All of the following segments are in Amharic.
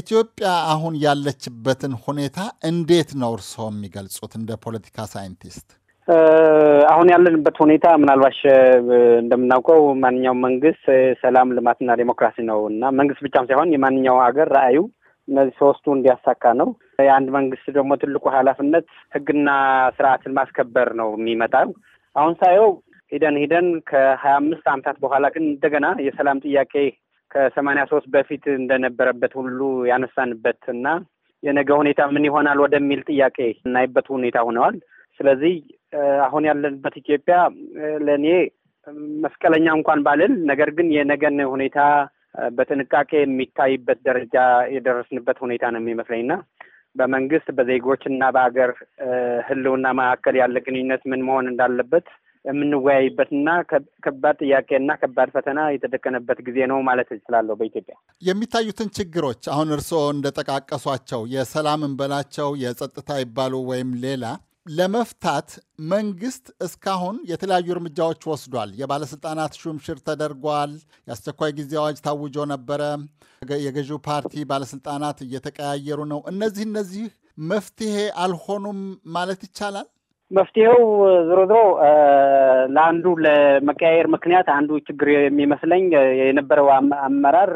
ኢትዮጵያ አሁን ያለችበትን ሁኔታ እንዴት ነው እርስዎ የሚገልጹት እንደ ፖለቲካ ሳይንቲስት? አሁን ያለንበት ሁኔታ ምናልባሽ እንደምናውቀው ማንኛውም መንግስት ሰላም፣ ልማትና ዴሞክራሲ ነው እና መንግስት ብቻም ሳይሆን የማንኛው ሀገር ራዕዩ እነዚህ ሶስቱ እንዲያሳካ ነው። የአንድ መንግስት ደግሞ ትልቁ ኃላፊነት ህግና ስርዓትን ማስከበር ነው የሚመጣው። አሁን ሳየው ሂደን ሂደን ከሀያ አምስት ዓመታት በኋላ ግን እንደገና የሰላም ጥያቄ ከሰማንያ ሶስት በፊት እንደነበረበት ሁሉ ያነሳንበት እና የነገ ሁኔታ ምን ይሆናል ወደሚል ጥያቄ እናይበት ሁኔታ ሆነዋል። ስለዚህ አሁን ያለንበት ኢትዮጵያ ለእኔ መስቀለኛ እንኳን ባልል፣ ነገር ግን የነገን ሁኔታ በጥንቃቄ የሚታይበት ደረጃ የደረስንበት ሁኔታ ነው የሚመስለኝና በመንግስት በዜጎች እና በሀገር ሕልውና መካከል ያለ ግንኙነት ምን መሆን እንዳለበት የምንወያይበትና ከባድ ጥያቄና ከባድ ፈተና የተደቀነበት ጊዜ ነው ማለት እችላለሁ። በኢትዮጵያ የሚታዩትን ችግሮች አሁን እርስዎ እንደጠቃቀሷቸው የሰላም እንበላቸው የጸጥታ ይባሉ ወይም ሌላ ለመፍታት መንግስት እስካሁን የተለያዩ እርምጃዎች ወስዷል። የባለስልጣናት ሹምሽር ተደርጓል። የአስቸኳይ ጊዜ አዋጅ ታውጆ ነበረ። የገዢው ፓርቲ ባለስልጣናት እየተቀያየሩ ነው። እነዚህ እነዚህ መፍትሄ አልሆኑም ማለት ይቻላል። መፍትሄው ዞሮ ዞሮ ለአንዱ ለመቀያየር ምክንያት አንዱ ችግር የሚመስለኝ የነበረው አመራር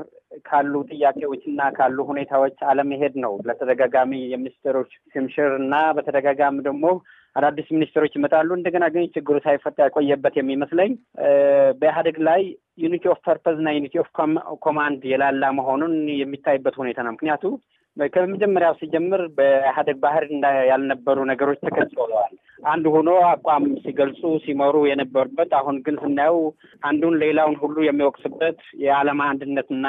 ካሉ ጥያቄዎች እና ካሉ ሁኔታዎች አለመሄድ ነው። ለተደጋጋሚ የሚኒስትሮች ሽምሽር እና በተደጋጋሚ ደግሞ አዳዲስ ሚኒስትሮች ይመጣሉ። እንደገና ግን ችግሩ ሳይፈታ ያቆየበት የሚመስለኝ በኢህአዴግ ላይ ዩኒቲ ኦፍ ፐርፐዝ እና ዩኒቲ ኦፍ ኮማንድ የላላ መሆኑን የሚታይበት ሁኔታ ነው። ምክንያቱ ከመጀመሪያው ሲጀምር በኢህአደግ ባህር ያልነበሩ ነገሮች ተቀጽለዋል። አንድ ሆኖ አቋም ሲገልጹ ሲመሩ የነበሩበት አሁን ግን ስናየው አንዱን ሌላውን ሁሉ የሚወቅስበት የዓለም አንድነትና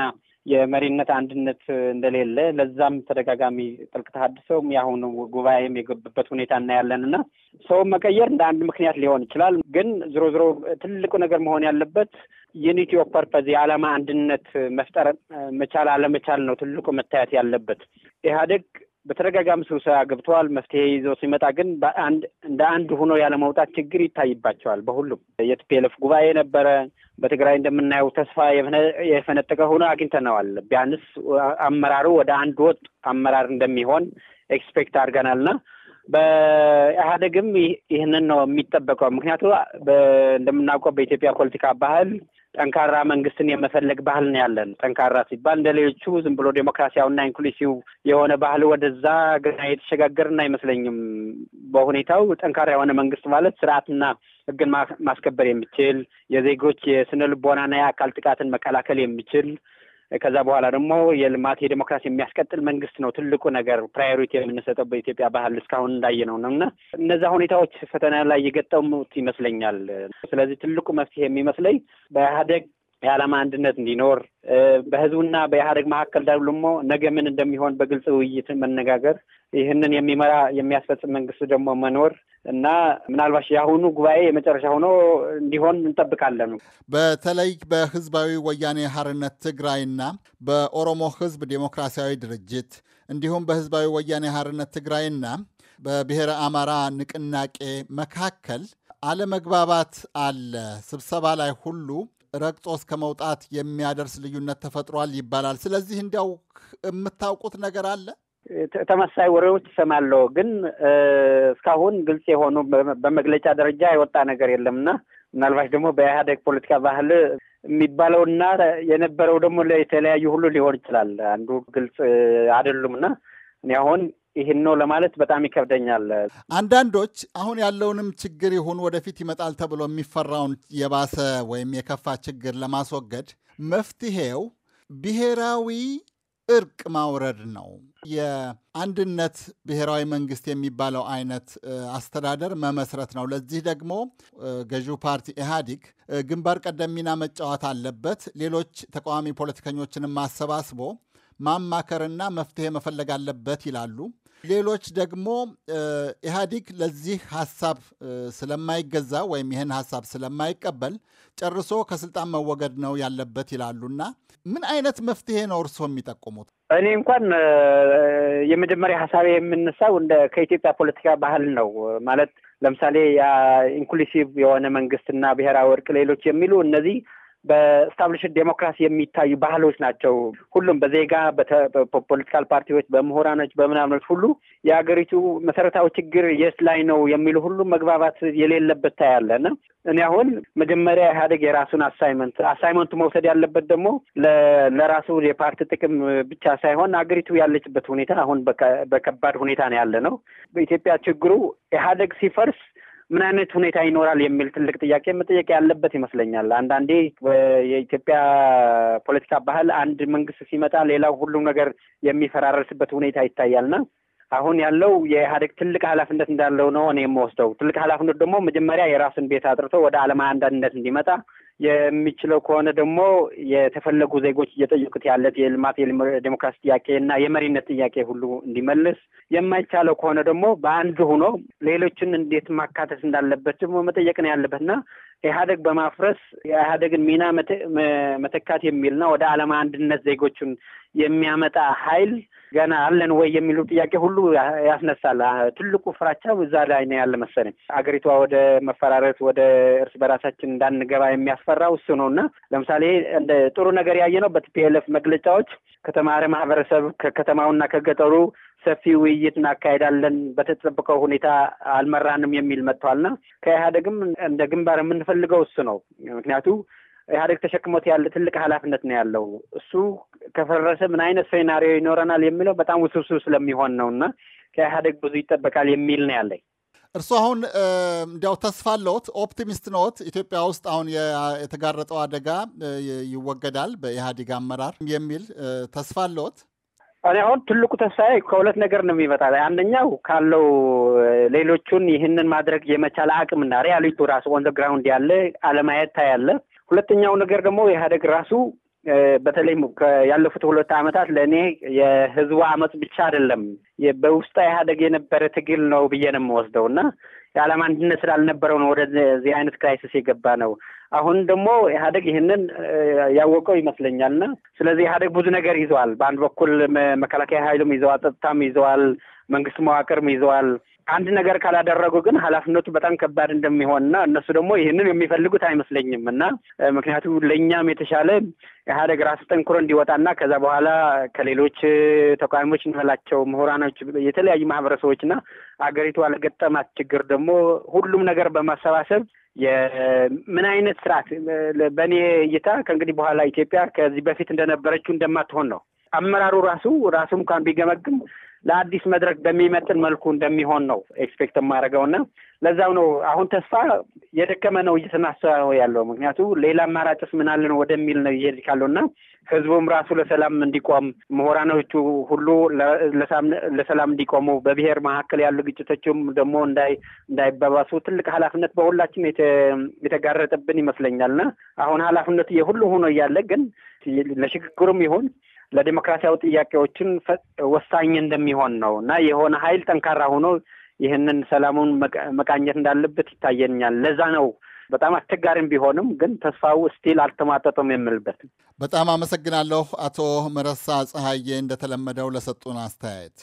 የመሪነት አንድነት እንደሌለ ለዛም ተደጋጋሚ ጥልቅ ተሀድሶም የአሁኑ ጉባኤም የገብበት ሁኔታ እናያለን እና ሰውን መቀየር እንደ አንድ ምክንያት ሊሆን ይችላል። ግን ዝሮ ዝሮ ትልቁ ነገር መሆን ያለበት ዩኒቲ ኦፍ ፐርፐዝ የዓላማ አንድነት መፍጠር መቻል አለመቻል ነው ትልቁ መታየት ያለበት። ኢህአዴግ በተደጋጋሚ ስብሰባ ገብተዋል። መፍትሄ ይዘው ሲመጣ ግን እንደ አንድ ሆኖ ያለመውጣት ችግር ይታይባቸዋል። በሁሉም የቲፒኤልኤፍ ጉባኤ ነበረ በትግራይ እንደምናየው ተስፋ የፈነጠቀ ሆኖ አግኝተነዋል። ቢያንስ አመራሩ ወደ አንድ ወጥ አመራር እንደሚሆን ኤክስፔክት አድርገናልና በኢህአደግም ይህንን ነው የሚጠበቀው። ምክንያቱ እንደምናውቀው በኢትዮጵያ ፖለቲካ ባህል ጠንካራ መንግስትን የመፈለግ ባህል ነው ያለን። ጠንካራ ሲባል እንደ ሌሎቹ ዝም ብሎ ዴሞክራሲያዊና ኢንክሉሲቭ የሆነ ባህል ወደዛ ገና የተሸጋገርን አይመስለኝም። በሁኔታው ጠንካራ የሆነ መንግስት ማለት ስርዓትና ህግን ማስከበር የሚችል የዜጎች የስነ ልቦናና የአካል ጥቃትን መከላከል የሚችል ከዛ በኋላ ደግሞ የልማት የዴሞክራሲ የሚያስቀጥል መንግስት ነው ትልቁ ነገር ፕራዮሪቲ የምንሰጠው በኢትዮጵያ ባህል እስካሁን እንዳየ ነው ነው እና እነዛ ሁኔታዎች ፈተና ላይ የገጠሙት ይመስለኛል። ስለዚህ ትልቁ መፍትሄ የሚመስለኝ በኢህአደግ የዓላማ አንድነት እንዲኖር በህዝቡና በኢህአደግ መካከል ደግሞ ነገ ምን እንደሚሆን በግልጽ ውይይት መነጋገር፣ ይህንን የሚመራ የሚያስፈጽም መንግስት ደግሞ መኖር እና ምናልባት የአሁኑ ጉባኤ የመጨረሻ ሆኖ እንዲሆን እንጠብቃለን። በተለይ በህዝባዊ ወያኔ ሀርነት ትግራይና በኦሮሞ ህዝብ ዴሞክራሲያዊ ድርጅት እንዲሁም በህዝባዊ ወያኔ ሀርነት ትግራይና በብሔረ አማራ ንቅናቄ መካከል አለመግባባት አለ። ስብሰባ ላይ ሁሉ ረግጦ እስከ መውጣት የሚያደርስ ልዩነት ተፈጥሯል ይባላል። ስለዚህ እንዲያው የምታውቁት ነገር አለ? ተመሳሳይ ወሬዎች ይሰማለሁ፣ ግን እስካሁን ግልጽ የሆኑ በመግለጫ ደረጃ የወጣ ነገር የለምና ምናልባት ደግሞ በኢህአዴግ ፖለቲካ ባህል የሚባለውና የነበረው ደግሞ የተለያዩ ሁሉ ሊሆን ይችላል። አንዱ ግልጽ አይደሉምና እኔ አሁን ይህን ነው ለማለት በጣም ይከብደኛል። አንዳንዶች አሁን ያለውንም ችግር ይሁን ወደፊት ይመጣል ተብሎ የሚፈራውን የባሰ ወይም የከፋ ችግር ለማስወገድ መፍትሄው ብሔራዊ እርቅ ማውረድ ነው። የአንድነት ብሔራዊ መንግስት የሚባለው አይነት አስተዳደር መመስረት ነው። ለዚህ ደግሞ ገዢው ፓርቲ ኢህአዲግ ግንባር ቀደም ሚና መጫወት አለበት። ሌሎች ተቃዋሚ ፖለቲከኞችንም ማሰባስቦ ማማከርና መፍትሄ መፈለግ አለበት ይላሉ። ሌሎች ደግሞ ኢህአዲግ ለዚህ ሀሳብ ስለማይገዛ ወይም ይህን ሀሳብ ስለማይቀበል ጨርሶ ከስልጣን መወገድ ነው ያለበት ይላሉና ምን አይነት መፍትሄ ነው እርስዎ የሚጠቁሙት? እኔ እንኳን የመጀመሪያ ሀሳቤ የምነሳው እንደ ከኢትዮጵያ ፖለቲካ ባህል ነው ማለት ለምሳሌ ኢንክሉሲቭ የሆነ መንግስትና ብሔራዊ እርቅ ሌሎች የሚሉ እነዚህ በስታብሊሽድ ዴሞክራሲ የሚታዩ ባህሎች ናቸው። ሁሉም በዜጋ በፖለቲካል ፓርቲዎች፣ በምሁራኖች፣ በምናምኖች ሁሉ የሀገሪቱ መሰረታዊ ችግር የት ላይ ነው የሚሉ ሁሉ መግባባት የሌለበት ታያለ ነ እኔ አሁን መጀመሪያ ኢህአዴግ የራሱን አሳይመንት አሳይመንቱ መውሰድ ያለበት ደግሞ ለራሱ የፓርቲ ጥቅም ብቻ ሳይሆን አገሪቱ ያለችበት ሁኔታ አሁን በከባድ ሁኔታ ነው ያለ ነው። በኢትዮጵያ ችግሩ ኢህአዴግ ሲፈርስ ምን አይነት ሁኔታ ይኖራል የሚል ትልቅ ጥያቄ መጠየቅ ያለበት ይመስለኛል። አንዳንዴ የኢትዮጵያ ፖለቲካ ባህል አንድ መንግስት ሲመጣ ሌላው ሁሉም ነገር የሚፈራረስበት ሁኔታ ይታያልና አሁን ያለው የኢህአዴግ ትልቅ ኃላፊነት እንዳለው ነው እኔ የምወስደው። ትልቅ ኃላፊነት ደግሞ መጀመሪያ የራስን ቤት አጥርቶ ወደ ዓለማዊ አንድነት እንዲመጣ የሚችለው ከሆነ ደግሞ የተፈለጉ ዜጎች እየጠየቁት ያለት የልማት የዴሞክራሲ ጥያቄ እና የመሪነት ጥያቄ ሁሉ እንዲመልስ፣ የማይቻለው ከሆነ ደግሞ በአንድ ሆኖ ሌሎችን እንዴት ማካተት እንዳለበት ደግሞ መጠየቅ ነው ያለበት እና ኢህአደግ በማፍረስ የኢህአደግን ሚና መተካት የሚልና ወደ ዓለም አንድነት ዜጎቹን የሚያመጣ ኃይል ገና አለን ወይ የሚሉ ጥያቄ ሁሉ ያስነሳል። ትልቁ ፍራቻ እዛ ላይ ነው ያለ መሰለኝ። አገሪቷ ወደ መፈራረስ፣ ወደ እርስ በራሳችን እንዳንገባ የሚያስፈራው እሱ ነው እና ለምሳሌ እንደ ጥሩ ነገር ያየ ነው በቲፒኤልኤፍ መግለጫዎች ከተማረ ማህበረሰብ ከከተማውና ከገጠሩ ሰፊ ውይይት እናካሄዳለን፣ በተጠበቀው ሁኔታ አልመራንም የሚል መጥተዋልና ከኢህአደግም እንደ ግንባር የምንፈልገው እሱ ነው። ምክንያቱ ኢህአደግ ተሸክሞት ያለ ትልቅ ኃላፊነት ነው ያለው። እሱ ከፈረሰ ምን አይነት ሴናሪዮ ይኖረናል የሚለው በጣም ውስብስብ ስለሚሆን ነው እና ከኢህአደግ ብዙ ይጠበቃል የሚል ነው ያለኝ። እርስዎ አሁን እንዲያው ተስፋ አለዎት? ኦፕቲሚስት ነዎት? ኢትዮጵያ ውስጥ አሁን የተጋረጠው አደጋ ይወገዳል በኢህአዴግ አመራር የሚል ተስፋ አለዎት? እኔ አሁን ትልቁ ተስፋዬ ከሁለት ነገር ነው የሚመጣ። አንደኛው ካለው ሌሎቹን ይህንን ማድረግ የመቻል አቅምና ሪያሊቱ ራሱ ኦን ግራውንድ ያለ አለማየት ታያለ። ሁለተኛው ነገር ደግሞ ኢህአዴግ ራሱ በተለይ ያለፉት ሁለት ዓመታት ለእኔ የህዝቡ አመፅ ብቻ አይደለም በውስጣ ኢህአዴግ የነበረ ትግል ነው ብዬ ነው የምወስደው እና የዓለም አንድነት ስላልነበረው ነው ወደዚህ አይነት ክራይሲስ የገባ ነው። አሁን ደግሞ ኢህአደግ ይህንን ያወቀው ይመስለኛል እና ስለዚህ ኢህአደግ ብዙ ነገር ይዘዋል። በአንድ በኩል መከላከያ ኃይሉም ይዘዋል፣ ጸጥታም ይዘዋል፣ መንግስት መዋቅርም ይዘዋል። አንድ ነገር ካላደረጉ ግን ኃላፊነቱ በጣም ከባድ እንደሚሆንና እነሱ ደግሞ ይህንን የሚፈልጉት አይመስለኝም እና ምክንያቱም ለእኛም የተሻለ ኢህአደግ ራስ ጠንክሮ እንዲወጣና ከዛ በኋላ ከሌሎች ተቃዋሚዎች እንበላቸው ምሁራኖች፣ የተለያዩ ማህበረሰቦችና አገሪቱ አለገጠማት ችግር ደግሞ ሁሉም ነገር በማሰባሰብ የምን አይነት ስርዓት በእኔ እይታ ከእንግዲህ በኋላ ኢትዮጵያ ከዚህ በፊት እንደነበረችው እንደማትሆን ነው። አመራሩ ራሱ ራሱ እንኳን ቢገመግም ለአዲስ መድረክ በሚመጥን መልኩ እንደሚሆን ነው ኤክስፔክት የማደርገው እና ለዛው ነው አሁን ተስፋ የደከመ ነው እየተናሰው ያለው። ምክንያቱ ሌላ አማራጭስ ምን ነው ወደሚል ነው እየሄድ ካለው እና ህዝቡም ራሱ ለሰላም እንዲቆም ምሁራኖቹ ሁሉ ለሰላም እንዲቆሙ፣ በብሔር መካከል ያሉ ግጭቶችም ደግሞ እንዳይባባሱ ትልቅ ኃላፊነት በሁላችን የተጋረጠብን ይመስለኛል እና አሁን ኃላፊነቱ የሁሉ ሆኖ እያለ ግን ለሽግግሩም ይሁን ለዲሞክራሲያዊ ጥያቄዎችን ወሳኝ እንደሚሆን ነው እና የሆነ ኃይል ጠንካራ ሆኖ ይህንን ሰላሙን መቃኘት እንዳለበት ይታየኛል። ለዛ ነው በጣም አስቸጋሪም ቢሆንም ግን ተስፋው ስቲል አልተሟጠጠም የምልበት። በጣም አመሰግናለሁ አቶ መረሳ ፀሐዬ እንደተለመደው ለሰጡን አስተያየት።